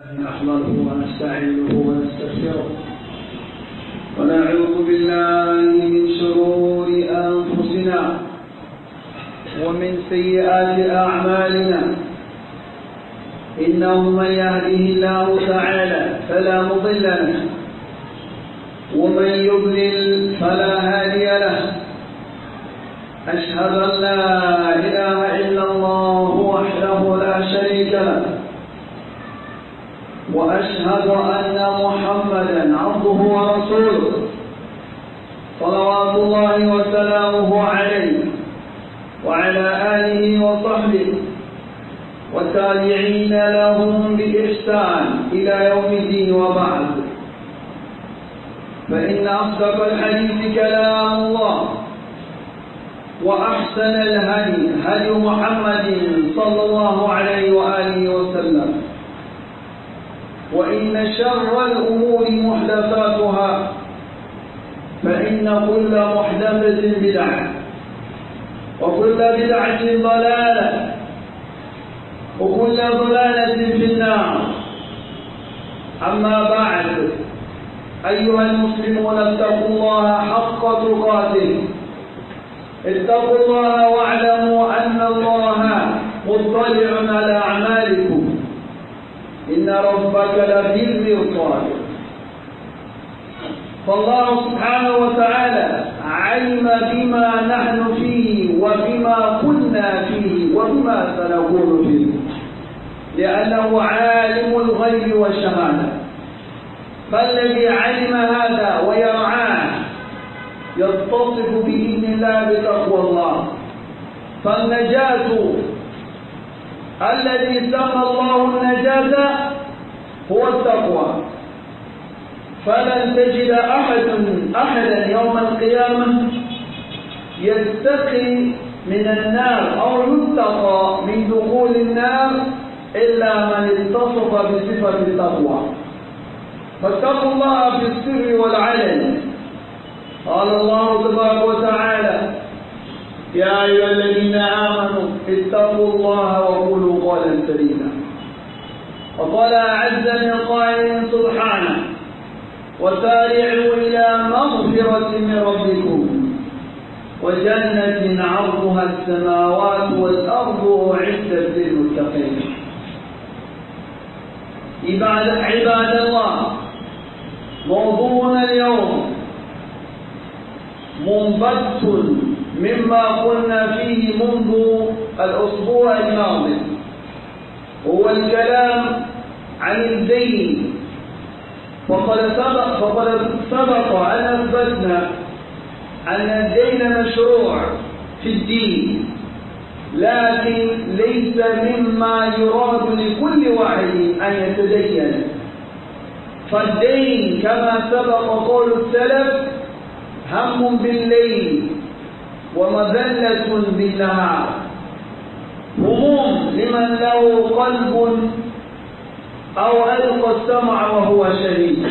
نحمده ونستعينه ونستغفره ونعوذ بالله من شرور أنفسنا ومن سيئات أعمالنا إنه من يهده الله تعالى فلا مضل له ومن يضلل فلا هادي له أشهد أن لا إله إلا الله وحده لا شريك له وأشهد أن محمدا عبده ورسوله صلوات الله وسلامه عليه وعلى آله وصحبه والتابعين لهم بإحسان إلى يوم الدين وبعد فإن أصدق الحديث كلام الله وأحسن الهدي هدي محمد صلى الله عليه وآله وسلم وإن شر الأمور محدثاتها فإن كل محدثة بدعة وكل بدعة ضلالة وكل ضلالة في النار أما بعد أيها المسلمون اتقوا الله حق تقاته اتقوا الله واعلموا أن الله مطلع على أعمالكم إن ربك لفي المرصاد فالله سبحانه وتعالى علم بما نحن فيه وبما كنا فيه وبما سنكون فيه لأنه عالم الغيب والشهادة فالذي علم هذا ويرعاه يتصف بإذن الله بتقوى الله فالنجاة الذي سمى الله النجاة هو التقوى فلن تجد أحد أحدا يوم القيامة يتقي من النار أو يتقى من دخول النار إلا من اتصف بصفة التقوى فاتقوا الله في السر والعلن قال الله تبارك وتعالى يا أيها الذين آمنوا اتقوا الله وقولوا قولا سليما وقال أعز من قائل سبحانه وسارعوا إلى مغفرة من ربكم وجنة عرضها السماوات والأرض أعدت للمتقين عباد الله موضوعنا اليوم منبت مما قلنا فيه منذ الأسبوع الماضي هو الكلام عن الدين وقد سبق وقد سبق أن أثبتنا أن الدين مشروع في الدين لكن ليس مما يراد لكل واحد أن يتدين فالدين كما سبق قول السلف هم بالليل ومذلة بالنهار هموم لمن له قلب أو ألقى السمع وهو شهيد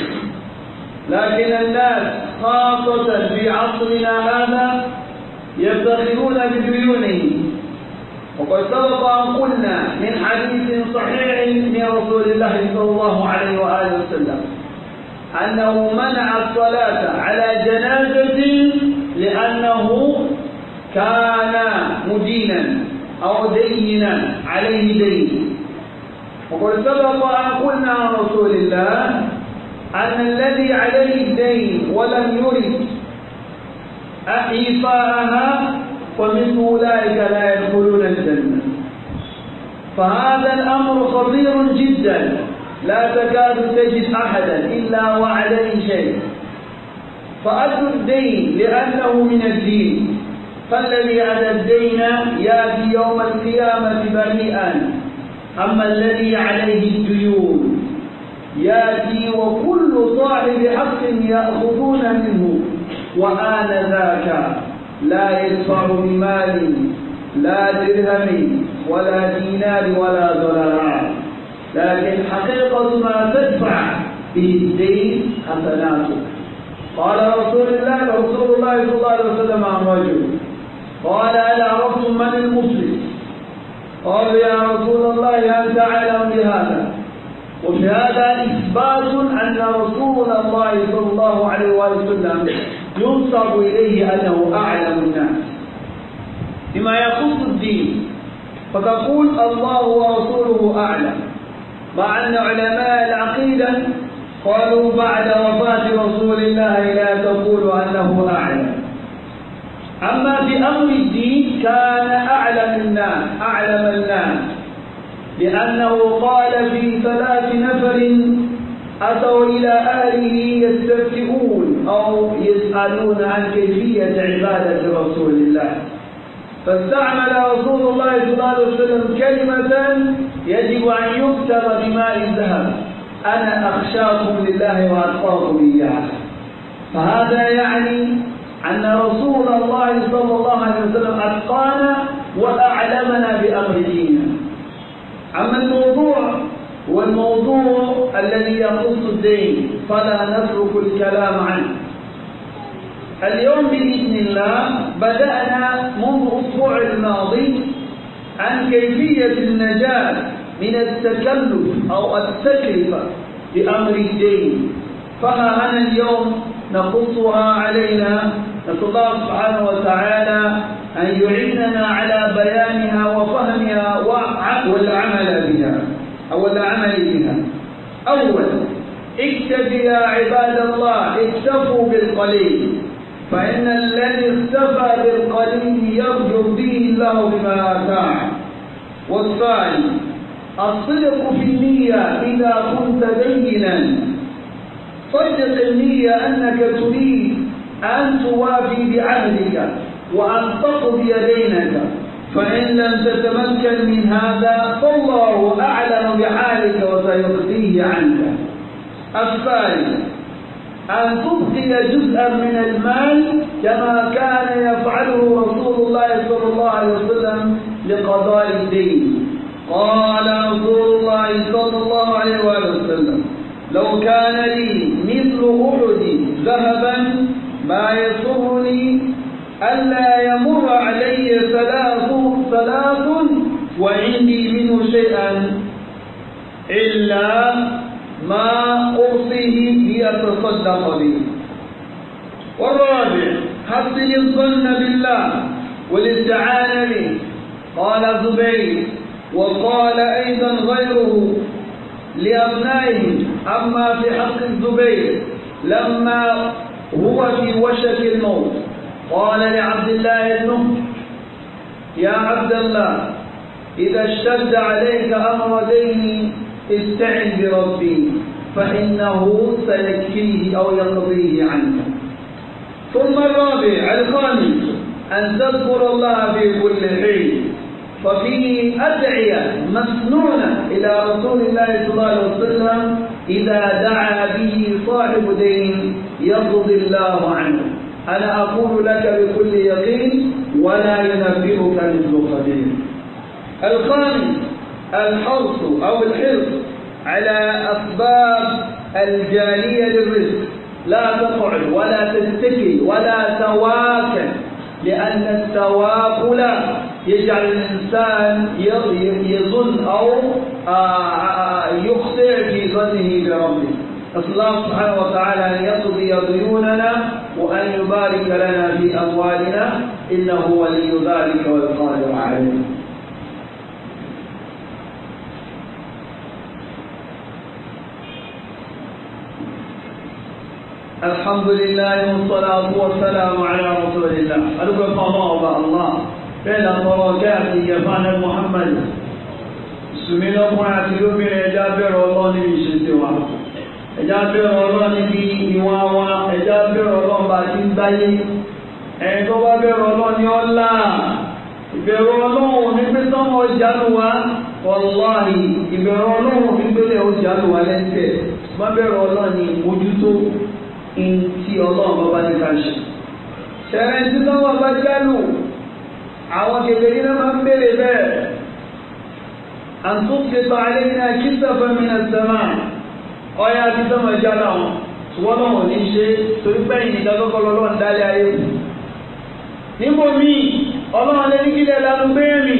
لكن الناس خاصة في عصرنا هذا يفتخرون بديونهم وقد سبق أن قلنا من حديث صحيح من رسول الله صلى الله عليه وآله وسلم أنه منع الصلاة على جنازة لأنه كان مدينا أو دينا عليه دين وقد سبق أن قلنا عن رسول الله أن الذي عليه الدين ولم يرد إيصاءها فمن أولئك لا يدخلون الجنة فهذا الأمر خطير جدا لا تكاد تجد أحدا إلا وعليه شيء فأدوا الدين لأنه من الدين فالذي أدى الدين يأتي يوم القيامة بريئا أما الذي عليه الديون يأتي وكل صاحب حق يأخذون منه وآن ذاك لا يدفع بمال لا درهم ولا دينار ولا دولار لكن حقيقة ما تدفع به الدين حسناتك قال رسول الله رسول الله صلى الله عليه وسلم عن رجل قال ألا عرفتم من المسلم قالوا يا رسول الله هل تعلم بهذا وفي هذا إثبات أن رسول الله صلى الله عليه وسلم ينصب إليه أنه أعلم الناس بما يخص الدين فتقول الله ورسوله أعلم مع أن علماء العقيدة قالوا بعد وفاة رسول الله لا تقول أنه أعلم أما في أمر الدين كان أعلم الناس أعلم الناس لأنه قال في ثلاث نفر أتوا إلى أهله يستفتئون أو يسألون عن كيفية عبادة رسول الله فاستعمل رسول الله صلى الله عليه وسلم كلمة يجب أن يكتب بماء الذهب أنا أخشاكم لله وأتقاكم إياه فهذا يعني أن رسول الله صلى الله عليه وسلم أتقانا وأعلمنا بأمر ديننا أما الموضوع هو الموضوع الذي يخص الدين فلا نترك الكلام عنه اليوم بإذن الله بدأنا منذ الأسبوع الماضي عن كيفية النجاة من التكلف أو التكلفة بأمر الدين فها أنا اليوم نقصها علينا نسأل الله سبحانه وتعالى أن يعيننا على بيانها وفهمها والعمل بها أو العمل بها أولا اكتب يا عباد الله اكتفوا بالقليل فإن الذي اكتفى بالقليل يرجو به الله بما آتاه والثاني الصدق في النية إذا كنت دينا صدق طيب النية أنك تريد أن توافي بعهدك وأن تقضي دينك فإن لم تتمكن من هذا فالله أعلم بحالك وسيخفيه عنك الثاني أن تبقي جزءا من المال كما كان يفعله رسول الله صلى الله عليه وسلم لقضاء الدين قال رسول الله صلى الله عليه وسلم لو كان لي أحد ذهبا ما يسرني ألا يمر علي ثلاث ثلاث وعندي منه شيئا إلا ما أوصيه ليتصدق به والرابع حسن الظن بالله والاستعانة به قال زبير وقال أيضا غيره لأبنائه أما في حق الزبير لما هو في وشك الموت قال لعبد الله ابنه يا عبد الله إذا اشتد عليك أمر ديني استعن بربي فإنه سيكفيه أو يقضيه عنك ثم الرابع الخامس أن تذكر الله في كل حين ففيه أدعية مسنونة إلى رسول الله صلى الله عليه وسلم إذا دعا به صاحب دين يقضي الله عنه أنا أقول لك بكل يقين ولا ينبئك مثل خبير الخامس الحرص أو الحرص على أسباب الجالية للرزق لا تقعد ولا تتكل ولا تواكل لأن التواكل يجعل الإنسان يظن أو آه، آه، آه، يخطئ في ظنه بربه نسأل الله سبحانه وتعالى أن يقضي ديوننا وأن يبارك لنا في أموالنا إنه ولي ذلك والقادر عليه الحمد لله والصلاة والسلام على رسول الله أدعو الله bẹ́ẹ̀ làwọn ọ̀gá àti ìyẹ̀fà ní Muhammad ìsùnmí lọ́kùnrin àti lóbìnrin ẹja bẹ̀rẹ̀ ọlọ́run níbi ìṣètò wa ẹja bẹ̀rẹ̀ ọlọ́run níbi ìwà wa ẹja bẹ̀rẹ̀ ọlọ́run bá ti ń gbáyé ẹ̀yìn tó bá bẹ̀rẹ̀ ọlọ́run ní ọ̀la ìbẹ̀rù ọlọ́run ní pé tọ́mọ ọjà lù wá ọlọ́ọ̀ni ìbẹ̀rù ọlọ́run ní pé ọjà àwọn kèfèrí náà máa ń bèèrè bẹ́ẹ̀ àtúntìtò àlẹ́yìn akíntàfà mìíràn sẹ́mà ọ̀yà àti sọ́mọ̀ ìjà náà ṣùgbọ́n náà wọ́n ní ṣe torí pé ìyìn ìdádọ́kọ̀ lọ́lọ́run dálé ayé níbo míì ọlọ́run lé ní kílẹ̀ lánú bẹ́ẹ̀mì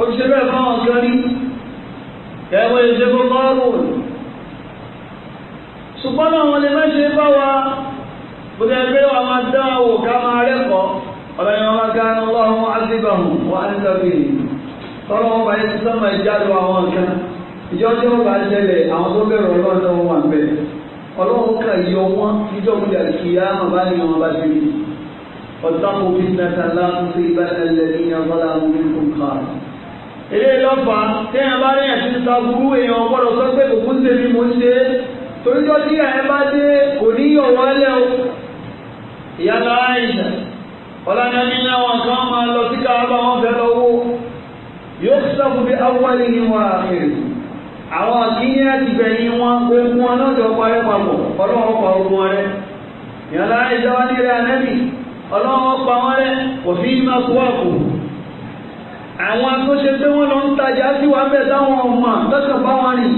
òṣìṣẹ́ bẹ́ẹ̀ fáwọn kan ní ẹ̀wọ̀n ìṣẹ́gun kọ́ọ̀rùn ṣùgbọ́n náà wọ́n lè má ṣe bá wa bó ọlọ́ni wọn bá gánà lọ́wọ́ àdìbàmù wọn á ń tàbí tọ́lọ́ wọn bá yẹ ti sọ́mọ ìjáde àwọn nǹkan ìjọ tí wọn bá ṣẹlẹ̀ àwọn tó bẹ̀rù ọlọ́run náà wọn wà ń bẹ̀ ọlọ́run kà yọ wọn níjọ́ kúndé àti ìyá màmá ni wọn bá ti rí ọ̀tàkùn fitnata láàmúsí ìbánilẹ̀ ní abọ́lá amúlẹ́kùn kan. ilé lọ́fà téèyàn bá rí ẹ̀sìn ta èèyàn gbọ́dọ̀ sọ pé òkú ń tèmi mò ṣe é toríjọ́ tí ẹ̀ bá dé kò ní yọ̀ wọ́lẹ́ o ìyá lọ́wọ́ àìsàn ọlọ́nà ní àwọn kan máa lọ sí káàbà wọn fẹ́ lọ wó yóò sọ́kù bí awọ́lé ní wọn àfihàn àwọn akínyẹ́ àti bẹ̀yìn wọn ogun wọn náà jọ parẹ́ papọ̀ ọlọ́wọ́ pa ogun rẹ ìyànlá ìjọba ní rẹ anẹ́bì ọlọ́wọ́ pa wọn rẹ kò fi má kó àpò àwọn tó pé wọn lọ ń tajà sí wa bẹ́ẹ̀ táwọn ọmọ lọ́sàn bá wọn rìn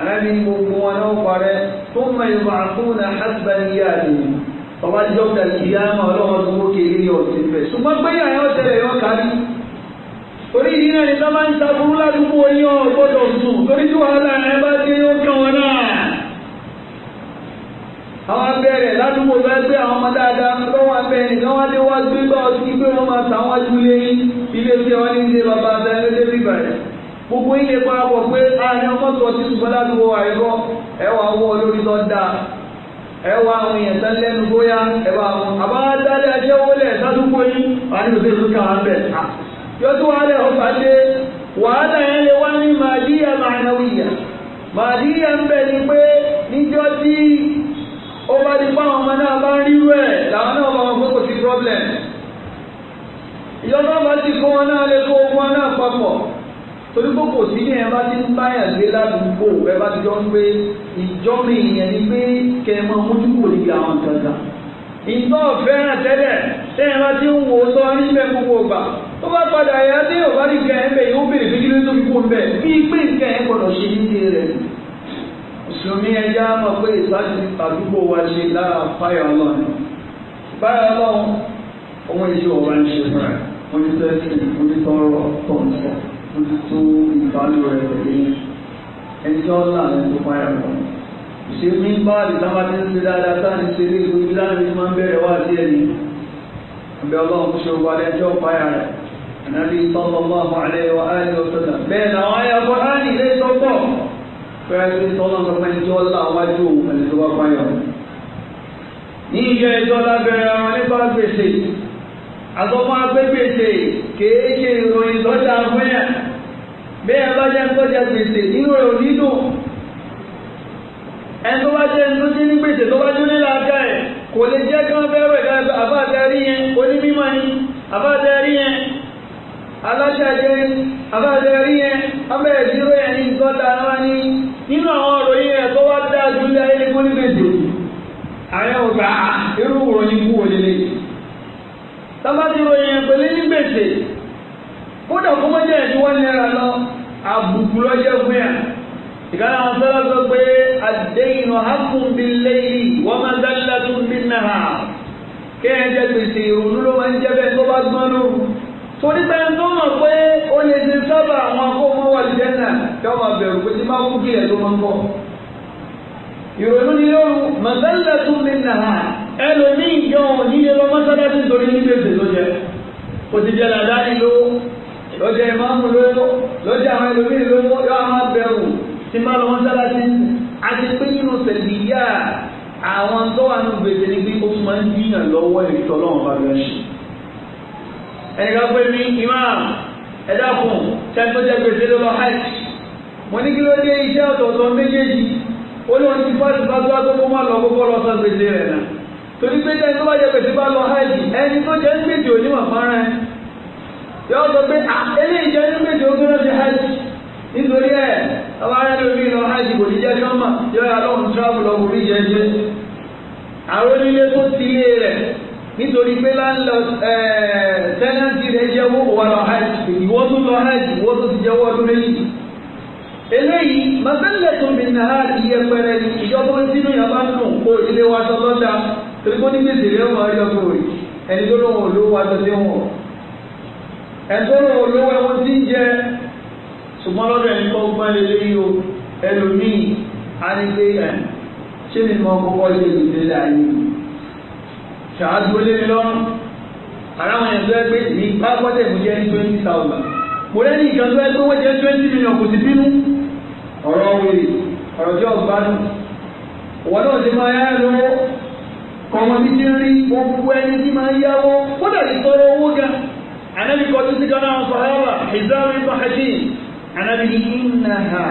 anẹ́bì gbogbo wọn náà parẹ́ tó mọ ìwà àkúnà hasbẹ̀lì yára nìyẹn ọba ní dókítà kìí àmà ọlọ́wọ́ tó mú kéré ní ọ̀sẹ̀ fẹ́ ṣùgbọ́n pé yàrá yóò tẹ̀lé yọ kárí orí yìí náà ní sábà ń ta burú ládùúgbò yín ọ̀ gbọ́dọ̀ sùn torí tí wàhálà ẹ bá dé yóò kàn wọn náà àwọn abẹ́rẹ́ ládùúgbò bá gbé àwọn ọmọ dáadáa lọ́wọ́ abẹ́rẹ́ nìkan wá dé wá gbé bá ọtí gbé wọn máa ta wọn ju lé ilé tí wọn ní ilé bàbá abẹ́rẹ́ débi bàrẹ̀ gbogbo ilé pa pọ̀ ẹwà àwọn èèyàn tán lẹ́nu bóyá ẹwà àwọn àbádáde aṣẹ́wọlẹ̀ sásùkú wà ní òṣèlú tó kàn án bẹ̀. yóò tún wá lẹ̀ ọ̀fà wàhálà yẹn lè wá ní màdíyà màánáwìyà màdíyà ń bẹ̀ ni pé níjọ́ tí ó bá di fáwọn ọmọ náà bá ń rírú ẹ̀ làwọn náà bá wọn problem. torí pé kò sí ní ẹ bá ti ń báyà gbé ládùúgbò ẹ bá ti jọ ń gbé ìjọba ìyẹn ni pé kẹ mọ mójú kò níbi àwọn nǹkan kan. ìgbà ọ̀fẹ́ràn tẹ́lẹ̀ tẹ́yìn bá ti ń wo sọ níbẹ̀ gbogbo ọgbà ó bá padà yá dé ò bá ní kẹ ẹ bẹ̀ yóò béèrè pé kí ló tó fi kó ń bí pé nǹkan ẹ gbọ́dọ̀ ṣe nílé rẹ̀. mùsùlùmí ẹja mọ̀ pé ìsájú àdúgbò wa ṣe lára fáyà ọlọ́run fáyà ọlọ́run òun mójútó ìbálò rẹ̀ pẹ̀lú ẹni tí wọ́n là lẹ́nu tó páyà mọ́. ṣé mi ń bá àdìsá máa ti ń ṣe dáadáa sáàni ṣe sallallahu alaihi wa alihi wa sallam. bẹ́ẹ̀ làwọn ayé ọkọ̀ láàrin ilé sọ́pọ̀ fẹ́ẹ́ tọ́lọ́ ní iye ẹjọ́ lábẹ́rẹ́ ọ̀rọ̀ nípa gbèsè àtọ́mọ́ agbẹ́gbèsè kèé ṣe ìròyìn lọ́jà fúnyà bí ẹ bá jẹ́ ń tọ́jà gbèsè nínú rẹ̀ ò ní dùn ẹni tó bá jẹ́ ń tó dín ní gbèsè tó bá dún ní làákà ẹ̀ kò lè jẹ́ kí wọ́n fẹ́ràn ẹ̀ka àbáàtẹ rí yẹn onímọ̀ ni àbáàtẹ rí yẹn aláṣàjẹ àbáàtẹ rí yẹn abẹ́rẹ́ ìdúró yẹn ní nǹkan tá a wá ní nínú àwọn ọ̀rọ̀ yìí ẹ̀ tó wá dá àdúlé ayé ní kóní gbèsè ààrẹ ọ̀gá ah, irú ìròyìn kú wọlé lé tábàtì ìròyìn pẹ̀lú ní gbèsè kódà kó mọ́jà ẹ̀dínwó náírà lọ àbùkù lọ́jọ́ fún yà ìkànnì àwọn sọ́lá sọ pé àdéhìn ọ̀hákùn bí lẹ́yìn wọ́n máa dálá tún bí náà kéèyàn jẹ gbèsè ìrònú ló máa ń jẹ bẹ́ẹ̀ tó bá gbọ́n ló torí pé tó mọ̀ pé ó lè ṣe sábà àwọn akóhùn wà lùdẹ́ kí wọ́n máa pé tí máa kú kí tó máa ń bọ̀ ìrònú ni yóò máa dálá tún bí náà ẹlòmíì jọ òní lè lọ mọ́sálásí torí níbi èsè tó jẹ òtìjẹ́ làdá ìlú lọ́jọ́ ìmáàmù lówó lọ́jọ́ àwọn ẹlòmíì lówó yọ àwọn abẹ́rù tí máa lọ wọ́n sábà ti àti pé nínú tẹ̀líyà àwọn tó wà nínú gbèsè ni pé ó máa ń díyàn lọ́wọ́ ìtọ́ lọ́wọ́ bá lọ́ ṣe. ẹnìká pé mi imam ẹ dákun tẹ́tọ́ jẹ́ gbèsè ló lọ hajj mo ní kí ló dé iṣẹ́ ọ̀tọ̀ọ̀tọ̀ méjèèjì ó lóun ti fásitì fásitì wá tó kó má lọ kókó lọ yóò sọ pé ilé ìjọ ní méje ogún ló ṣe hajj nítorí ẹ ọba rẹ ló rí lọ hajj kò ní jẹ kí wọn mọ yóò yà lọhùn tíráàbù lọhùn rí jẹ ṣe àwọn onílé tó ti lé rẹ nítorí pé láńlọ tẹnanti rẹ jẹ owó wà lọ hajj ìwọ tó lọ hajj ìwọ tó ti jẹ owó ọdún méjì eléyìí masalẹ tó mi nàá ìyẹpẹrẹ ni ìjọba sínú yàrá ń nù kó ilé wa sọ lọ́dà torí ní gbèsè rẹ wọn rí ọkùnrin ẹni tó lóun ò lówó wa sí wọn ẹ̀tọ́rọ̀ olówó ẹwọ́n tí ń jẹ ṣùgbọ́n lọ́dọ̀ ẹni tó gbọ́n lè lé yóò ẹlòmíì á ní pé ẹ̀ ṣé ni mo kọ́kọ́ lè lè lè láàyè ṣáájú lé mi lọ́rùn aláwọn èèyàn tó ẹ pé ní pápọ́tẹ̀ mo jẹ́ ní twenty thousand mo rẹ́ ní ìkan tó ẹ jẹ́ twenty million kò sí bínú ọ̀rọ̀ wèrè ọ̀rọ̀ tí ọ̀gbá nù wọ́n náà ti máa yára lọ́wọ́ kọ́mọ bíi ti rí gbogbo ẹni tí máa yáwó kódà ti anabi kọjú sí kaná àwọn sahaba hizamu ibn hakim anabi ní innaha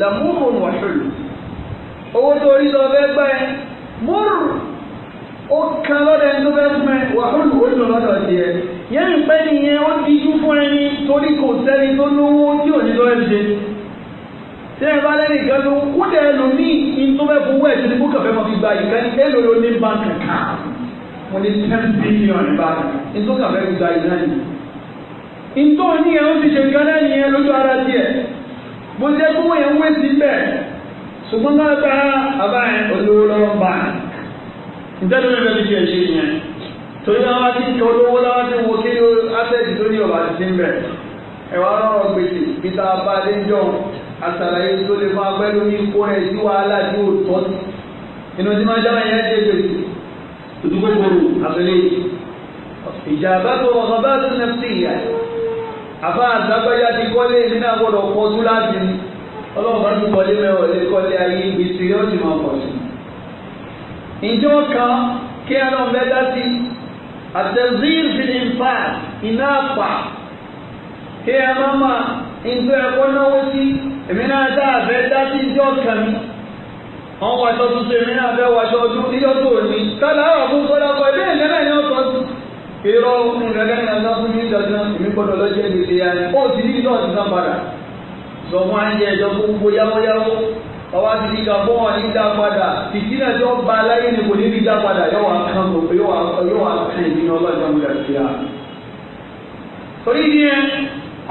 lamurun wa hulun owó tó rí lọ bẹ́ẹ̀ gbẹ́ múrù ó kan lọ́dọ̀ ẹni tó bẹ́ẹ̀ fún ẹ wà hulù ó lọ lọ́dọ̀ ti ẹ yẹn ń pẹ́ nìyẹn ó díjú fún ẹni torí kò sẹ́ni tó lówó tí ò ní lọ́ ẹ̀ ṣe tí ẹ bá lẹ́nu ìkan tó kú dẹ̀ ní tó fún wẹ́ẹ̀ tó ní fẹ́ mọ́ fi gba ìkan mo ní ten billion báńkì ní tó kà fẹ́ ntọ́ ní ẹ̀ ń ti ṣe gan náà nìyẹn lójú ara díẹ̀ bó jẹ́ kó wọ́n yẹn ń wé sí bẹ́ẹ̀ ṣùgbọ́n náà bá bàbá yẹn olówó lọ́wọ́ bá ìtẹ́lẹ̀ mi bẹ́ẹ̀ ti ṣe ṣe yẹn torí náà wá sí ìtọ́ olówó lọ́wọ́ tí wo kí asẹ́ẹ̀tì tó ní ọ̀bà ti ń bẹ̀ ẹ̀wà ọ̀rọ̀ gbèsè peter abadéjọ́ àtàlàyé tó lè fún abẹ́lú ní ipò rẹ̀ sí wàhálà tí ó tọ́ sí inú tí máa jáwé yẹn dé gbèsè òdúgbò tó wọ̀ àfa àgbàgbájá ti kọ́lé èmi náà gbọ́dọ̀ kọjú láti ní ọlọ́run bá tún kọ́lé mẹ́wọ̀ lé kọ́lé ayé gbèsè yóò sì máa pọ̀ sí. ìjọ kan kí ẹran mẹ́ta sí àtẹ̀zíìr fi ní fa iná pa kí ẹ má má ìjọ ẹ̀kọ́ náwó sí èmi náà dá àfẹ́ dá sí ìjọ kan mi wọ́n wá aṣọ tuntun èmi náà fẹ́ wá aṣọ ọdún níjọ́ tó ní kálá àwọn fún kọ́lá kọ́ ilé ìlẹ́mẹ̀ ni ó tọ́jú irọ́ ohun rẹ̀ lẹ́yìn ọ̀dọ́ fún mi dandan èmi gbọ́dọ̀ lọ́jọ́ ìdílé ya ni ó ti ní náà ti náà padà sọ fún àyè ẹjọ́ fún gbogbo yáwóyáwó ọwọ́ ti di ìgbà fún ọ̀ní dá padà ìdílé tó ba aláyé ni kò ní ní dá padà yóò wá kán tó yóò wá kán ìdílé ọlọ́jọ́ ìdílé àti ìyá. torí ni ẹ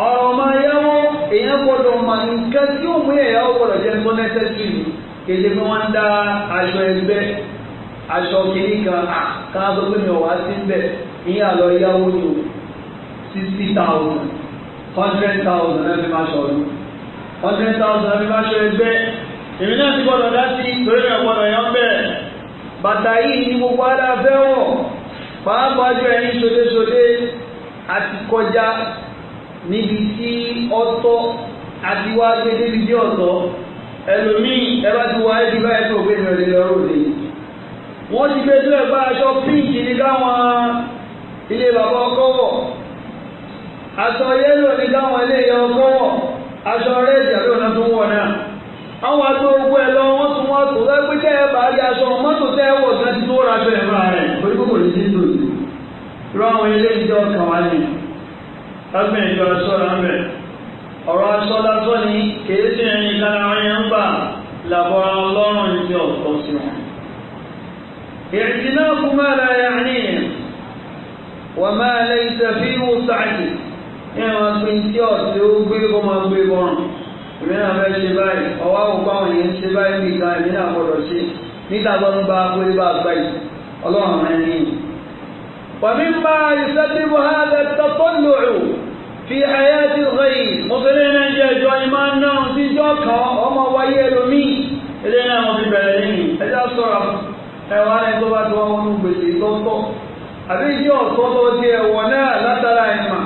ọ̀rọ̀ máa yáwó èèyàn gbọ́dọ̀ mà nǹkan tí ó mú ẹ̀yáwó gbọ́dọ̀ jẹ́ mọ́nẹ́sẹ̀ sí i kéde fún wọn dá aṣọ ẹgbẹ́ aṣọ kìnnìkan kan sọ pé mi ò wá sí bẹ́ẹ̀ ìyá lọ yáwó ní o sixty thousand hundred thousand náà fi máa ṣọ̀rọ̀ hundred thousand náà fi máa ṣọ ẹgbẹ́ èmi náà ti gbọ́dọ̀ dá sí lórí ọ̀gbọ́dọ̀ yọ bẹ́ẹ̀ bàtà yìí ni gbogbo ara fẹ́ wọ̀ pàápàá jù ẹni ṣodeṣode àti kọjá níbi tí ọ̀tọ̀ àti wá dé débi dé ọ̀tọ̀ ẹlòmíì ẹ bá ti wá ẹbí báyìí tó gbé ìrìnàlè lọ́rùn lè wọ́n ti gbé sílẹ̀ aṣọ pí ilé bàbá ọkọ wọ̀ aṣọ yẹ́lò ní dáwọn ilé ìyá ọkọ wọ̀ aṣọ rẹ́ẹ̀dì àbí ọ̀nà tó wọ̀ náà àwọn aṣọ ogun ẹ̀ lọ wọ́n tún wọ́n tó lẹ́ pé tẹ́ẹ̀ bá rí aṣọ mọ́tò tẹ́ẹ̀ wọ̀ gan ti tó ra aṣọ ẹ̀fọ́ rẹ̀ torí kò lè dín lòdì irú àwọn ilé ìjọ ọkàn wá ní lábẹ́ ìjọ aṣọ lábẹ́ ọ̀rọ̀ aṣọ lásán ni kèé sí ẹni kára wọn yẹn ń bà làbọ̀ra ọlọ́run ti ọ̀tọ̀ sí wọn. ìrìnnà kúmọ̀ láyà ní ẹ̀ wà máa lẹ́yìn tẹ̀fí wò sáàkì ní àwọn agbẹ́yìn tí ọ̀sẹ̀ ó gbé bọ́ máa gbé bọ́ èmi náà fẹ́ ṣe báyìí ọwọ́ àwòkọ́ àwọn èèyàn ṣe báyìí bí kan èmi náà gbọ́dọ̀ ṣe níta bá ń bá akóyè bá gbà yìí ọlọ́run rẹ̀ ní. wàmí ń bá ìṣẹ́dìbò ha lẹ tọ́tọ́ lòrò fi ayé ti rẹ̀ mo fi lé náà ìjọ ni náà ti jọ́ kan ọmọ wáyé ẹlòmíì ilé náà mo fi bẹ̀rẹ̀ lẹ́yìn ẹjọ́ sọ̀rọ̀ ẹ̀wọ̀n ẹni tó bá tó wọn gbèsè tó ń bọ̀ àbí ìdí ọ̀tọ́ tó ti ẹ̀wọ̀ náà látara ìmọ̀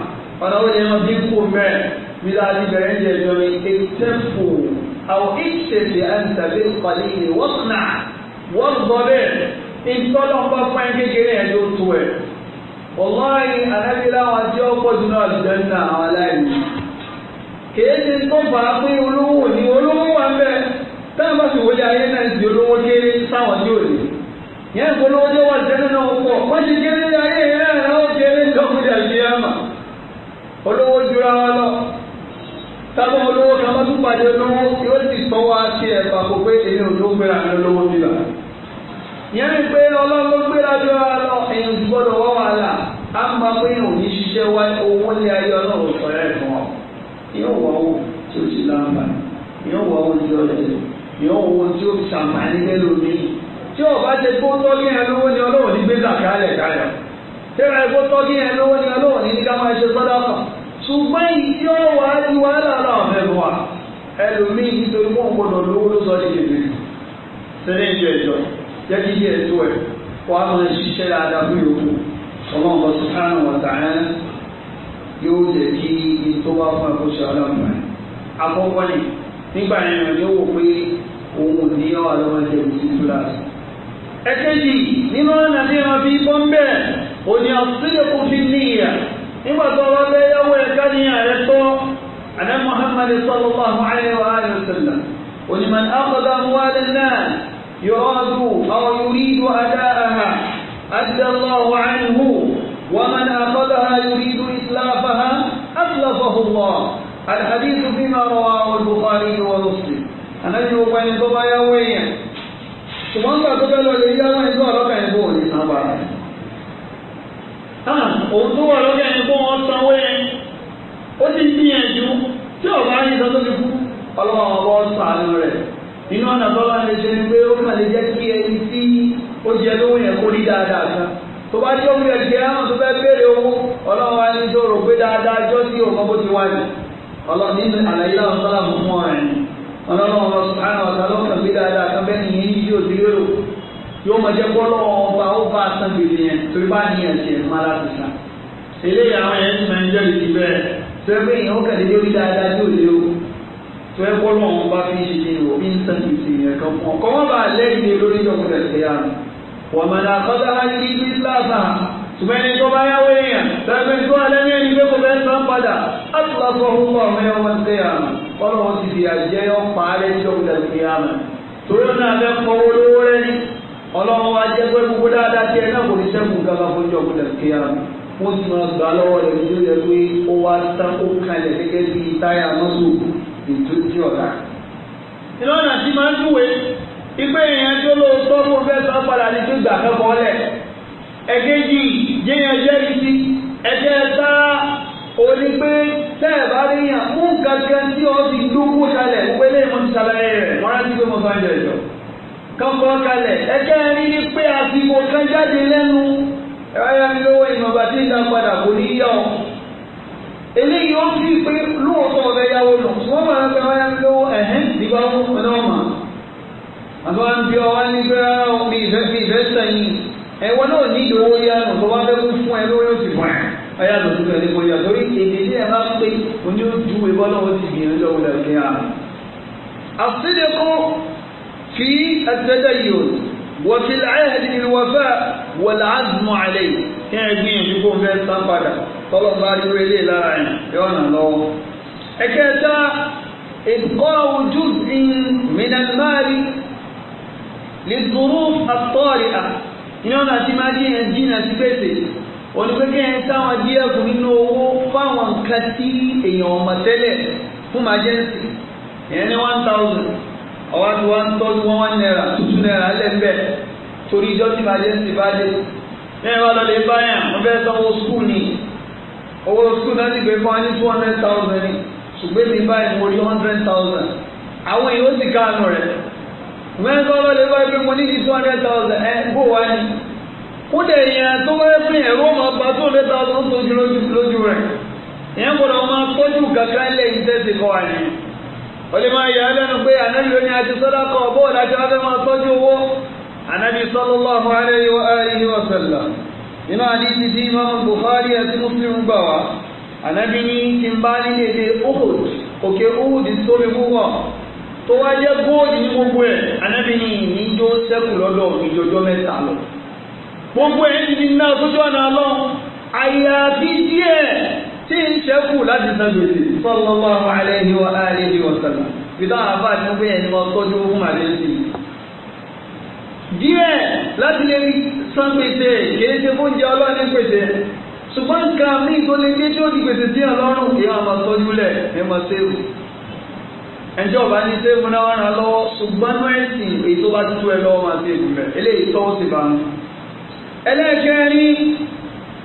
ọ̀nà ó yẹ wọn bí kú mẹ́ẹ̀ bí láti bẹ̀rẹ̀ ń jẹ ìjọ mi ètẹ́fù àwọn ìṣèṣì àǹtàbí ìpàdé ìlú wọ́n nà wọ́n gbọ́ bẹ́ẹ̀ ìtọ́lọ́pọ̀ pẹ́ kékeré ẹ̀ ló tu ẹ̀ wọ́láyé anábíláwọn tí ó pọ̀ jùlọ àlùjànnà àwọn aláìní kìí ṣe tó fà á pé olówó ni olówó wà ń táwọn bá sì wọlé ayé náà ti olówó kéré sáwọn tí ò yẹn kò lówó jẹ́ wà jẹ́nu náà púpọ̀ wọ́n ti kéré ní ayé yẹn náà ó kéré lọ́kùnrin àti yàmà olówó jura wa lọ tábà olówó kan bá tún pàdé olówó yóò sì sọ wá sí ẹ̀ pàpọ̀ pé èmi ò tó gbéra mi olówó nílà yẹn ni pé ọlọ́run ló gbéra jọ wa lọ èyàn ti gbọ́dọ̀ wọ́ wàhálà á máa pé èyàn ò ní ṣiṣẹ́ wá owó ní tí ò bá ṣe kó tọ́gí yẹn lówó ni ọlọ́wọ́ ní gbéza kálẹ̀ kálẹ̀ tí ó kó tọ́gí yẹn lówó ni ọlọ́wọ́ ní ká máa ṣe sọ́dá kan ṣùgbọ́n ìdí ọwọ́ á di wàhálà ọ̀la ọ̀fẹ́lu wa ẹlòmíì nítorí wọn gbọdọ̀ lówó ló sọ ní kébé sẹ́lẹ̀ ìjọ ìjọ jẹ́ kí díẹ̀ tó ẹ̀ wàá máa ṣiṣẹ́ dáadáa fún yòókù òun ò ní ọ́ àlọ́mọdé òun ti túláàsì ẹ̀kejì nínú ọ̀nà tí wọ́n fi bọ́ ń bẹ̀ kò ní àtúndìkù fi níyà nígbà tó wọ́n fẹ́ yáwó ẹ̀ka ní ààrẹ tó àná muhammad sallallahu alayhi wa alayhi wa sallam òní man akọ̀dà muwalẹ̀ náà yọ̀ọ́dù àwọn yurídu adáàhà adàlọ́wọ̀ àìhù ومن أخذها يريد إتلافها أتلفه الله الحديث فيما رواه البخاري ومسلم أنا أجل أن تضيع وين ṣùgbọ́n nígbà tó fẹ́ lọ lè rí àwọn ẹgbẹ́ ọlọ́kà yẹn bó ní san padà. Ah, òun tó wà lọ́kà yẹn bó wọn sanwó yẹn ó ti gbìyànjú tí ọ̀gá yìí sọ tó ti kú ọlọ́wọ́n ọ̀bọ sàánú rẹ̀ nínú ọ̀nà tọ́lá lè ṣe ni pé ó kàn lè jẹ́ kí ẹni tí ó jẹ lówó yẹn kó rí dáadáa kan tó bá jọ́ múlẹ̀ jẹ́ àwọn tó fẹ́ béèrè owó ọlọ́wọ́n á ní tó rò pé dáadáa jọ́ sí òun bó ọlọ́run ọba sùhánà ọ̀tá lọ́kàn gbé dáadáa kan bẹ́ẹ̀ nìyẹn ní yóò ti rérò yóò mọ jẹ́ bọ́lọ́ ọba ó bá san gbèsè yẹn torí bá nìyẹn ti ẹ̀ máa láti san. eléyìí àwọn yẹn ti máa ń jẹ́ ìdí bẹ́ẹ̀ tẹ́lẹ̀ yẹn ó kàdé lórí dáadáa tí lé o tẹ́lẹ̀ bọ́lọ́ ọba fi ṣe ṣe bí ń san gbèsè yẹn kan kọ́ wọ́n bá lẹ́yìn lórí ìjọkùnrin ọlọ́run ti fi àjẹ́ ọ̀pá rẹ̀ tí ọ̀gbìn àti ìyáàmà torí ọ̀nà abẹ́ kọ́wọ́ lówó rẹ̀ ni ọlọ́run wa jẹ́ pé gbogbo dáadáa tí ẹ náà kò ní sẹ́kùn gàgà fún ìjọ ọ̀gbìn àti ìyáàmà wọ́n ti máa gbà lọ́wọ́ rẹ̀ ní lórí ẹgbẹ́ ó wá tán ó kalẹ̀ gẹ́gẹ́ bí táyà mọ́tò ètò tí ọ̀la. iná ọ̀nà tí máa ń dùwẹ̀ ipe èèyàn tó ló tọ́ fún fẹ́ sọ padà ní tó gbà kẹ́kọ̀ọ́ lẹ̀ ẹ̀kejì jẹ́yàn jẹ́ ibi ẹ̀kẹta ó ní pé tẹ́ẹ̀ bá rí yàn mú gàgà tí ó ti dúkú kalẹ̀ wípé lè mú ti ṣàlàyé rẹ̀ wọ́n rántí pé mo sọ àjọ ìjọ kọ́kọ́ kalẹ̀ ẹgbẹ́ rí ni pé àsìkò kan jáde lẹ́nu ẹ̀rọ mi lówó ìmọ̀ba tí ìta padà kò ní yá ọ eléyìí ó fi pé lóòótọ́ ọ̀fẹ́ yáwó lọ wọ́n máa ń fẹ́ wáyà lówó ẹ̀hẹ́n nígbà wọn fún ọ̀nà ọ̀mà àbá ń bí ọ wá ní pé rárá mi ìfẹ́ mi ìfẹ́ sẹ́yìn ẹ̀wọ́n náà ní ìdòwó yá nù tó wá fẹ́ fún ẹ lórí òsì fún ẹ ọyá lòdù rẹ̀ ní kọjá torí èdè ní ẹ̀ máa ń pè oní ojú ìbọn náà ó ti gbìyànjú ọ̀wọ̀lẹ̀ kí á. àṣìlẹ̀kọ́ fi التدين وفي العهد بالوفاء والعزم عليه kí ẹ gbìyànjú kó fẹ́ san padà tọ́lọ́ bá rí wọlé lára ẹ̀ yọ̀nà lọ́wọ́. ẹ̀kẹta إبقاء جزء من المال للظروف الطارئة ìyọ́nà àti máa dín ẹ̀ onígbẹ́kẹ́ yẹn sáwọn díẹ̀ kù nínú owó fáwọn nǹkan tí èèyàn ọmọ tẹ́lẹ̀ fún majensi ìyẹn ní one thousand ọwọ́ tí wọ́n ń tọ́jú one one naira two two naira lẹ́gbẹ̀ẹ́ torí ìjọ tí majensi bá dé lẹ́yìn wá lọ́lẹ̀ báyà wọ́n fẹ́ sanwó skul ni owó skul náà ti gbé fún wa ní two hundred thousand ni ṣùgbọ́n mi báyìí mo rí hundred thousand àwọn èèyàn ó sì káànù rẹ̀ mẹ́rin wá lọ́lẹ̀ báyìí pé mo ní two hundred thousand ẹ bó kódà èèyàn tó wáyé fún ẹ̀rọ ọmọ ọba tó lé ta tó ń tójú lójú rẹ̀ èèyàn gbọ́dọ̀ máa tọ́jú kankan ilé ìtẹ́sí kọ́ wa ni wọ́n lè máa yà á lẹ́nu pé ànábì ó ní àti sọ́dá kọ́ bóòlù àti wọ́n fẹ́ máa tọ́jú owó ànábì sallallahu alaihi wa alihi wa sallam nínú àdíjì tí imam Bukhari àti Muslim gbà wá ànábì ní kí n bá nílé ilé Uhud òkè Uhud tó lè tó wá góòlù ní gbogbo gbogbo ẹ̀ ń di náà sójú ọ̀nà lọ àyàfi díẹ̀ tí ń ṣẹ́kù láti san gbèsè sallallahu alaihi wa alihi wa sallam ìtàn àbá tí wọ́n gbé ẹni lọ tọ́jú ogun àdéhùn díẹ̀ láti lè san gbèsè kìí ṣe fún jẹ ọlọ́ọ̀ni gbèsè ṣùgbọ́n nǹkan míì tó lè dé tí ó di gbèsè sí ọlọ́run kí wọ́n máa tọ́jú lẹ̀ ẹ máa ṣéwù ẹjọ́ ọba ní ṣéwù náà wọ́n ràn lọ́wọ́ ṣùgbọ́n náà ẹlẹ́ẹ̀kẹ́rin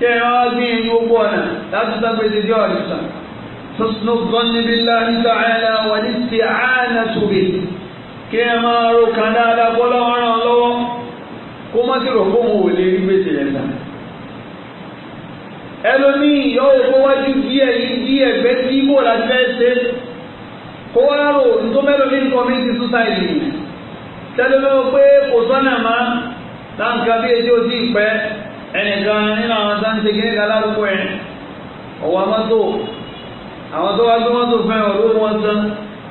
kẹrọ ọdún gbogbo ọ̀nà láti sọ́gbèsè jọ ọ̀dùsà husnu zanni billahi ta'ala wà ní ti àánà sóbè kí ẹ máa ro kan dáadáa bọ́lá ọ̀ràn lọ́wọ́ kó má sì rò fóun ò lè rí gbèsè rẹ̀ náà ẹlòmíì yọ òkú wájú díẹ̀ yìí díẹ̀ gbẹ́ tí bò láti fẹ́ ṣe kó wá rò nítorí mẹ́lòmíì kọ́mí ti súsáìdì tẹ́lẹ̀ lọ́wọ́ pé kò sọ́nà máa táǹkà bí etí ó ti pẹ́ ẹnìkan nínú àwọn táǹkì kìíní kan ládùúgbò ẹ̀ ọ̀wọ́ mọ́tò àwọn tó wá gbé mọ́tò fẹ́ ọ̀rọ̀ wọn tán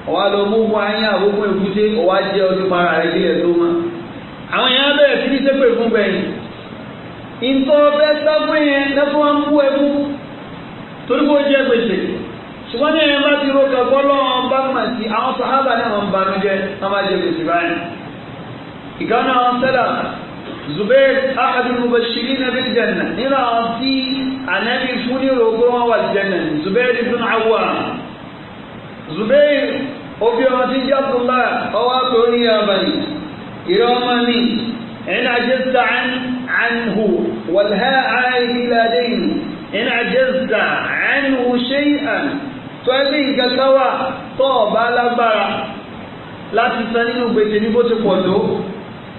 ọ̀wá lọ gbogbo ayé àgbogbo èkúté ọ̀wá jẹ́ ọdún para rẹ̀ bí ẹ̀ tó mọ́. àwọn èèyàn bẹ̀rẹ̀ sí ní sẹ́pẹ̀ fún bẹ̀yìn ìtọ́ ọbẹ̀ sáfún yẹn lẹ́fún wọn bú ẹbú torí kó jẹ́ gbèsè ṣùgbọ́n ní ẹ̀yẹn bá ti ro kẹ̀kọ́ lọ́wọ́ bá mà sí àwọn sàhábà náà ń banújẹ́ náà má jẹ gbèsè báyìí ìkànnì àwọn sẹ́là Zubair ahadu mubashirina bil janna nínú àwọn tí ànábì fún ní rògbò wọn wà janna Zubair ibn Awwam Zubair obi ọmọ tí jẹ́ Abdullah ọwọ́ àtòrí abàyè ìrọ̀ ọmọ mi إن عجزت عن عنه والهاء عائد إلى دين إن عجزت عنه شيئا tọ́lé nǹkan kan wà tọ́ ọ̀bá lágbára láti san nínú gbèsè ní bó ti pọ̀ tó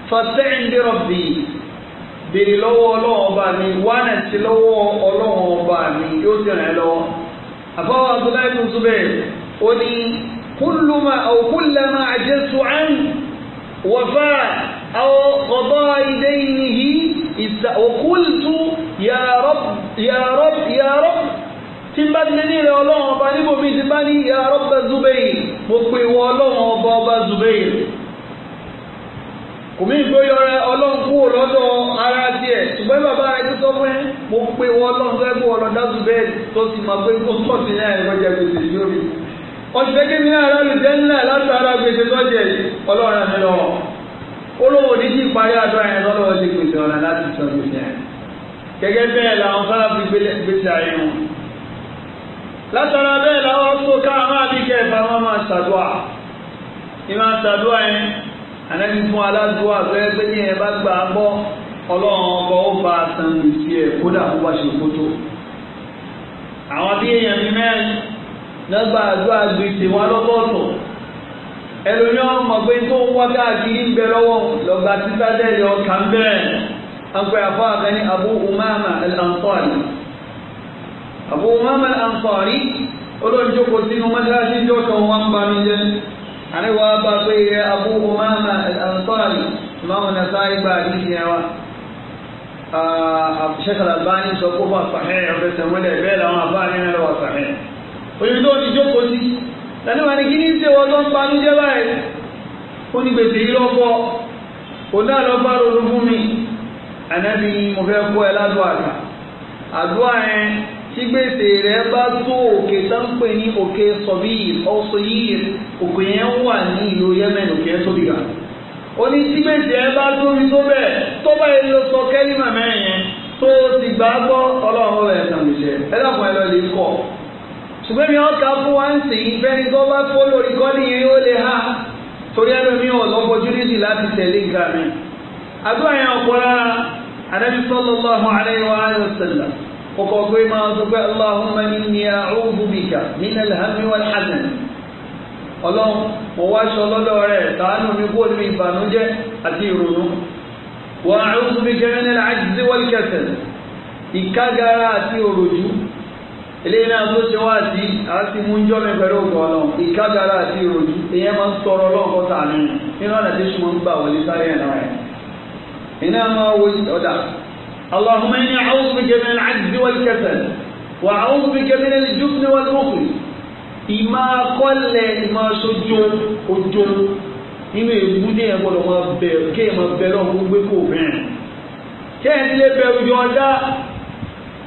fàtẹ́yìn bí rọ̀bì béèrè lọ́wọ́ ọlọ́run ọba mi wánà sí lọ́wọ́ ọlọ́run ọba mi yóò sì ràn ẹ́ lọ́wọ́ àfọwọ́ abdullahi ibn zubair ó ní kúlùmá aw kullama ajẹ́sù án wàfà aw qada idaynihi ìsàkúltù ya rab ya rab ya tí n bá ti ní ilẹ̀ ọlọ́run ọba níbo mi ti bá ní ya rab bá zubair mo pè wọ ọlọ́run ọba ọba zubair kùmí ìgbóyọ rẹ ọlọ́run kúrò lọ́dọ̀ ara tiẹ̀ ṣùgbọ́n bàbá rẹ tó sọ pé mo pe wọ ọlọ́run fẹ́ kó ọlọ́ dájú bẹ́ẹ̀ tó sì máa pé kó tọ̀ sí náà ẹ̀rọ jẹ gbèsè lórí. ọ̀sẹ̀ kébí náà aráàlú jẹ́ ńlá látara gbèsè tọ́jẹ̀ ọlọ́run mi lọ. olówó ní kí ìparí àdó ẹ̀ lọ́lọ́wọ́ ti gbèsè ọ̀la láti sọ gbèsè ẹ̀. gẹ́gẹ́ bẹ́ẹ̀ làwọn fẹ́ràn fi gbèsè ayé wọn. látara bẹ́ẹ̀ làwọn ànábi fún aládùúgbò àgbẹ̀ pé ní ẹ bá gbà á gbọ́ ọlọ́run ọkọ̀ ó bá a san gbèsè ẹ̀ kódà kó bá ṣe kó tó. àwọn bí èèyàn ní mẹ́rin lọ́gbà àdúrà gbèsè wọn lọ́tọ̀ọ̀tọ̀ ẹlòmíràn mọ̀ pé tó ń wá káàkiri ń bẹ lọ́wọ́ lọ́gbà títà dẹ́yọ kà ń bẹ̀rẹ̀ akpẹ Abu Umama al-Ansari Abu Umama al-Ansari olóńjókòó sínú jọ́sọ̀ wọn àníwá bá pé yẹ Abu Umama al-Ansari ìmáàmù Nasa'i gba àdìsí yẹn wa Sheikh Al-Albani sọ pé wà sàhẹ́ ọ̀fẹ́ sẹ̀wọ́lẹ̀ bẹ́ẹ̀ làwọn àbáyé náà wà sàhẹ́ òyìn tó ti jókòó sí lẹ́nu wa ni kí ní ṣe wọ́n tó ń panú jẹ́ báyìí ó ní gbèsè yìí lọ́pọ̀ kò náà lọ bá ronú fún mi ànábi mo fẹ́ kó ẹ ládùúgbò àdúrà yẹn tí gbèsè rẹ̀ bá tó òkè tó ń pè ní òkè sọ̀bíìr ọ̀sọ̀yìr òkè yẹn wà ní ìlú yemen òkè yẹn tóbi gan. ó ní tí gbèsè rẹ̀ bá tó ní tó bẹ́ẹ̀ tó bá yẹ lọ sọ kẹ́lí màmá yẹn tó ti gbà gbọ́ ọlọ́run rẹ̀ sàmìṣẹ́ ẹ dàpọ̀ ẹ lọ lè kọ̀. ṣùgbọ́n mi ọkà fún wa ń sìn fẹ́ni tó bá kó lórí kọ́lì yẹn yóò lè ha torí ẹlòmíì ọ̀lọ́pọ̀júnìtì láti tẹ̀lé nǹkan mi. àdúrà yẹn ọ̀pọ̀ rárá Ànábì sallallahu kọ́kọ́ pé máa sọ pé Allahumma inni a'udhu bika min al-hammi wal-hazan ọlọ́run mo wá aṣọ lọ́dọ̀ rẹ̀ ṣàánú mi kó ní ìbànújẹ́ àti ìrònú wa a'udhu bika min al-'ajzi wal-kasal ìkágara àti òròjú eléyìí náà tó ṣe wá sí àti mú mi pẹ̀lú ògùn ọlọ́run ìkágara àti ìròjú èèyàn máa ń tọrọ lọ́kọ́ sàánú nínú ọ̀nà ṣùgbọ́n gbà wọlé sáré ẹ̀ náà ẹ̀ اللهم إني أعوذ بك من العجز والكسل وأعوذ بك من الجبن والبخل ìmọ̀ akọ́lẹ̀ ìmọ̀ aṣojú ojú nínú ègbú ní ẹ̀gbọ́dọ̀ máa bẹ̀rù kí èèmọ̀ bẹ̀rù ọ̀hún gbé kò bẹ̀rù kí ẹ̀ ti lè bẹ̀rù yọ ọ̀dá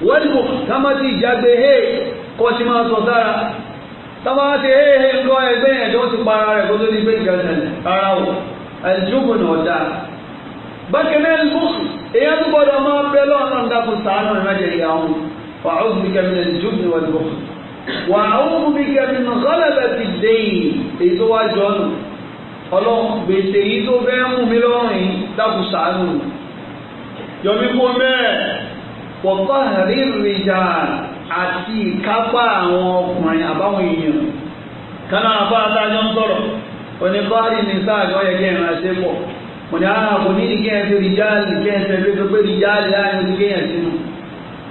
wọ́n ní kò kámá ti ìjàgbé hé kọ́ sí máa sọ sára tábà ti hé hé ń lọ ẹgbẹ́ ẹ̀dọ́ ti para rẹ̀ kó tó ní pé ìgbà sẹ̀lẹ̀ rárá o ẹ̀dúgbò náà dáa bákan náà èèyàn tó gbọ́dọ̀ máa bẹ lọ́nà dákun sàánù ẹ̀ mẹ́jẹ̀ ìyá wọn wà á òbí kẹ́mi ní jùbí wà lóko wà á òbí kẹ́mi ní kọ́lẹ̀bẹ̀ ti dẹ́yìn èyí tó wá jọ nù ọlọ́run gbèsè yìí tó fẹ́ mú mi lọ́rùn yìí sàánù yọmí kó mẹ́ẹ̀ pọ̀pọ̀ àríríjà àti ìkápá àwọn ọkùnrin àbáwọn èèyàn kánà àbá adájọ́ ń sọ̀rọ̀ oníkọ́rì ní sáà lọ́yẹ̀ kí ẹ̀ràn ṣe pọ̀. wọ́n ní ara kò ní ìkẹyàn sí rìjáàlì kẹyàn sí ẹgbẹ́ tó pé rìjáàlì láàrin oníkẹyàn sínú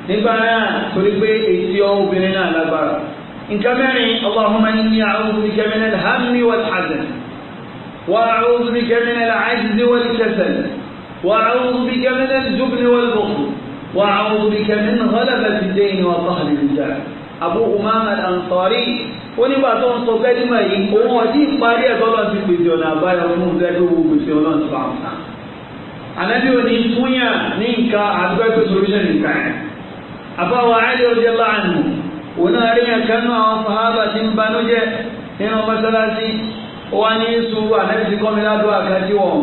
nígbà náà torí pé èsì ọ obìnrin náà lágbára nǹkan mẹ́rin Allahumma inni a'udhu bika min al-hammi wal-hazan wa a'udhu bika min al-'ajzi wal-kasal wa a'udhu bika min al-jubni wal-bukhl wa a'udhu bika min ghalabati ad-dayn wa qahri ar-rijal Abu Umama al-Ansari onígbà tó ń sọ kẹ́dímọ̀ yìí òun ọdí ìparí ẹ̀ tọ́lọ́ ti pèsè ọ̀nà àbáyọ fún un gẹ́gẹ́ owó pèsè ọlọ́run ti fàwọn sàn. ànábì òní fúnyà ní nǹkan àgbẹ̀pẹ̀ solution nǹkan ẹ̀. àbáwọ̀ Ali radiyallahu anhu òun náà rí yẹn kánú àwọn sàhábà tí ń banújẹ́ nínú mọ́sálásí wọ́n ní sùúrù ànábì ti kọ́ mi ládùú àkájí wọn.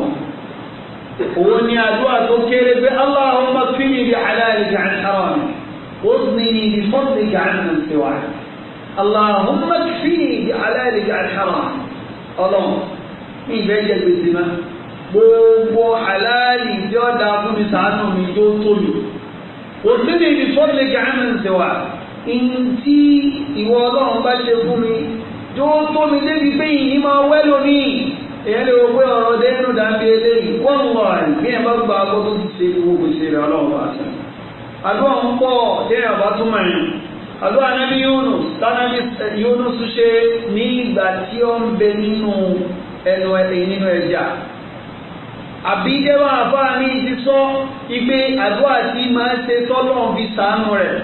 òun ní àdúrà tó kéré pé Allahumma kfini bi halalika an haramika wa aghnini bi fadlika amman siwaka Allahumma kfini alálejò àlhàrà ọlọ́run ní ìfẹ́ jẹ gbèsè mọ́ gbogbo aláàlì tí ó dáa fún mi sàánù mi yóò tó lò òsínì ní fọ́lẹ̀ gàánù ṣèwà ntí ìwọ ọlọ́run bá ṣe fún mi yóò tó mi débi pé ìyí máa wẹ́ lónìí èyí lè wo pé ọ̀rọ̀ dẹ́nu dàbí eléyìí wọ́n wọ̀ ẹ̀ bí ẹ̀ bá gba agbọ́dọ̀ ti ṣe gbogbo ìṣẹ̀lẹ̀ ọlọ́run bá ṣe àdúrà ń pọ̀ dẹ́yà bá túmọ̀ yẹn àlọ́ anábí Yunus tánábí Yunus ṣe ní ìgbà tí ó ń bẹ nínú ẹnu ẹ̀lẹ́ nínú ẹja àbíjẹ́wà àfáàmì ti sọ igbe àdúrà tí máa ṣe tọ́lọ́n fi sàánú rẹ̀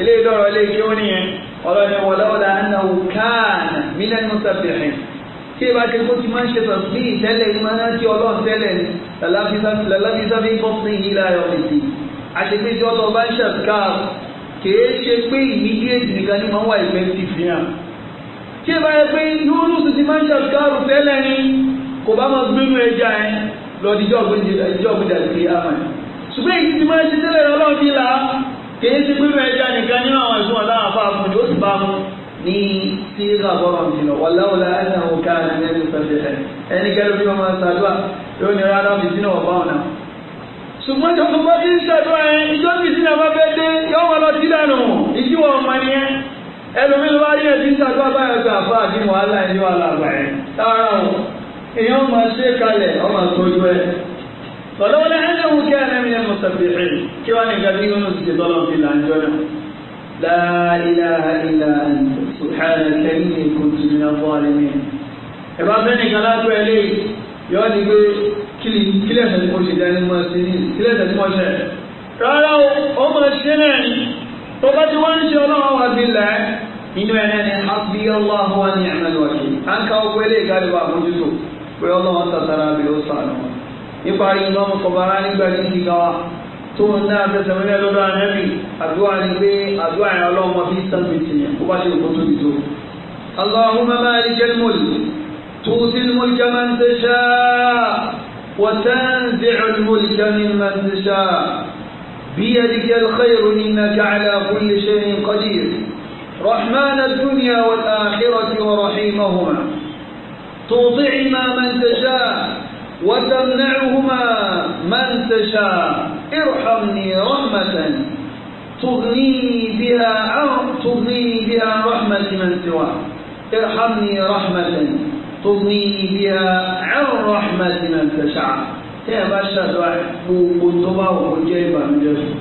ilé ìdọ́rọ̀ ilé kí ó níyẹn ọlọ́ni wọ̀lọ́wọ́lá annahu kana minal musabbihin tí ìbá kí ó ti máa ń ṣe tọ̀sí ìtẹ́lẹ̀ ìmọ̀ náà tí ọlọ́run tẹ́lẹ̀ ní lalábísábí kọ́sí ìhìlá ọ̀rẹ́sì àṣepé tí ọlọ́ bá ń ṣàkà kìí ṣe pé immediate nìkan ní máa ń wà effective ní à tí ẹ bá yẹ pé yúrùsù ti máa ń ṣàkárù tẹ́lẹ̀ ni kò bá máa gbénu ẹja ẹ lọ́díjọ́ ọ̀gbẹ́dà ti àmà ṣùgbọ́n èyí ti máa ń ṣe tẹ́lẹ̀ ọlọ́run ti là kìí ṣe gbénu ẹja nìkan nínú àwọn ẹ̀sùn ọ̀daràn fún àfún ni ó sì bá mu ní sí ìgbàgbọ́ràn jùlọ wàláwàlá ẹ̀sìn àwọn káàdì ní ẹ̀sìn sọ́jẹ́ ẹnikẹ́ni bí wọ́n máa ṣàdúrà yóò ní rárá mi sínú ọ̀bá ọ̀nà ṣùgbọ́n tó gbogbo tí ń ṣàdúrà yẹn ìjọ bí sí náà bá fẹ́ dé yóò wọ́n lọ sí dànù ìjì wọn ọmọ yẹn ẹlòmí ló bá rí ẹ̀ tí ń ṣàdúrà báyọ̀ gbà fà bí wàhálà ẹ̀ wàhálà àgbà yẹn tààrà wọn èèyàn máa ṣe kalẹ̀ ọmọ àtọ́jú ẹ̀ tọ́lọ́wọ́ ní ẹ̀jẹ̀ wù kí ẹ̀rẹ́ mi ẹ̀ sàbẹ̀rẹ̀ kí wọ́n ní gàdí yóò sì kílì kílẹ̀ fún kó ṣe dání máa ṣe ní kílẹ̀ tẹ̀sí máa ṣe rárá o ó máa ṣe náà ni tó bá ti wọ́n ń ṣe ọlọ́run wa bí lẹ̀ inú ẹ̀ náà ni hasbi allahu wa ni ahmed waki à ń ka ọgbẹ́ ilé ìgbàlè wa àmójútó pé ọlọ́run tàtàrà bí ó sànù wọn nípa ìlú ọmọ kọbara nígbà tí ti ga wa tó ń ná abẹ́sẹ̀ mẹ́lẹ́ lọ́dọ̀ وتنزع الملك ممن تشاء بيدك الخير إنك على كل شيء قدير رحمن الدنيا والآخرة ورحيمهما تطعما من تشاء وتمنعهما من تشاء ارحمني رحمة تغنيني بها أو تغنيني بها رحمة من سواك ارحمني رحمة تغني بها عن رحمة من تشاء tẹ́yà bá ṣàdúrà gbogbo tó bá wò ó jẹ́ ìbànújẹ́ sùn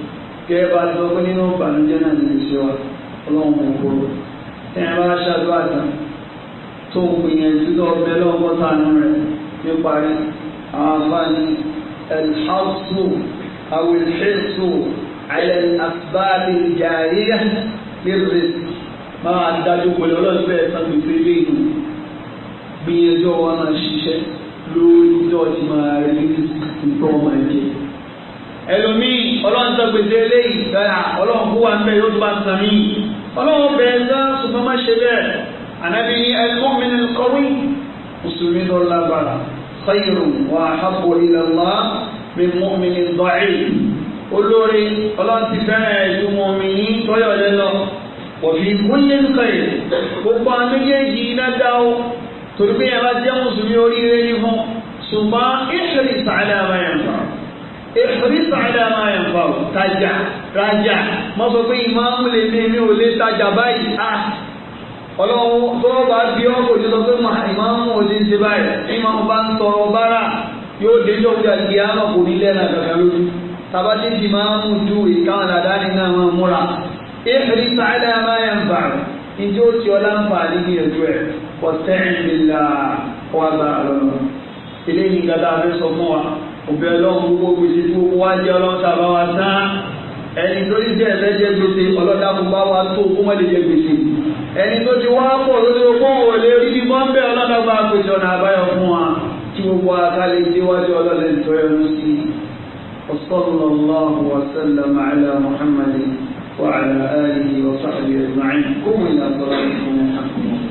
gẹ́gẹ́ bá tó pé nínú ìbànújẹ́ náà ní ìṣe wa ọlọ́run kò gbòòrò tẹ́yà bá ṣàdúrà tán tó gbìyànjú lọ bẹ lọ́wọ́ tánú rẹ̀ níparí àwọn afáàní الحصر أو الحرص على الأسباب الجارية للرزق máa dájú pẹ̀lú ọlọ́sẹ̀ sàgbèsè lẹ́yìn gbìyànjú ọwọ́ náà ṣiṣẹ́ lórí tí wọ́n ti máa rí nípa ọmọ ẹ̀jẹ̀. ẹlòmíì ọlọ́run tó gbèsè eléyìí dára ọlọ́run kú wa ń bẹ yóò tó bá ń sàn mí. ọlọ́run bẹ̀rẹ̀ dá ṣùgbọ́n má ṣe bẹ́ẹ̀ ànábì ní ẹlòmínú kọ́wé mùsùlùmí lọ lágbára sẹ́yìnrù wà áhàbò ìlàlá mi mú mi ní dọ́ọ̀ì. olórí ọlọ́run ti fẹ́ràn ẹ̀dùn mọ́ mi ní tọ́yọ̀ lẹ́lọ òfin kúnlẹ̀ nǹkan yìí gbogbo àwọn torí pé yàrá jẹ́ mùsùlùmí oríire ní fún ṣùgbọ́n ìṣòrí sàálà máa ń fa ìṣòrí sàálà máa ń fa tajà rajà mọ́ sọ pé ìmáàmù lè ní mi ò lè tajà báyìí a ọlọ́run tó bá bí ọ́ kò ní sọ pé ìmáàmù ò ní ṣe báyìí ìmáàmù bá ń tọrọ bára yóò déjọ́ bí àti àmọ̀ kò ní lẹ́nà kankan lójú tabati ti máa ń ju ìkáwọn àdáni náà máa múra ìṣòrí sàálà máa ń fa ìjó tí ọlá ń fa àdínkì ẹ̀jọ́ ẹ̀ wọ́sẹ̀yìn nílà wà bá lọ́nà eléyìí nǹkan tá a fẹ́ sọ fún wa òbí ọlọ́run gbogbo gbèsè tí gbogbo wa jẹ́ ọlọ́run sábà wa tán ẹni tó ti bẹ́ẹ̀ wa tó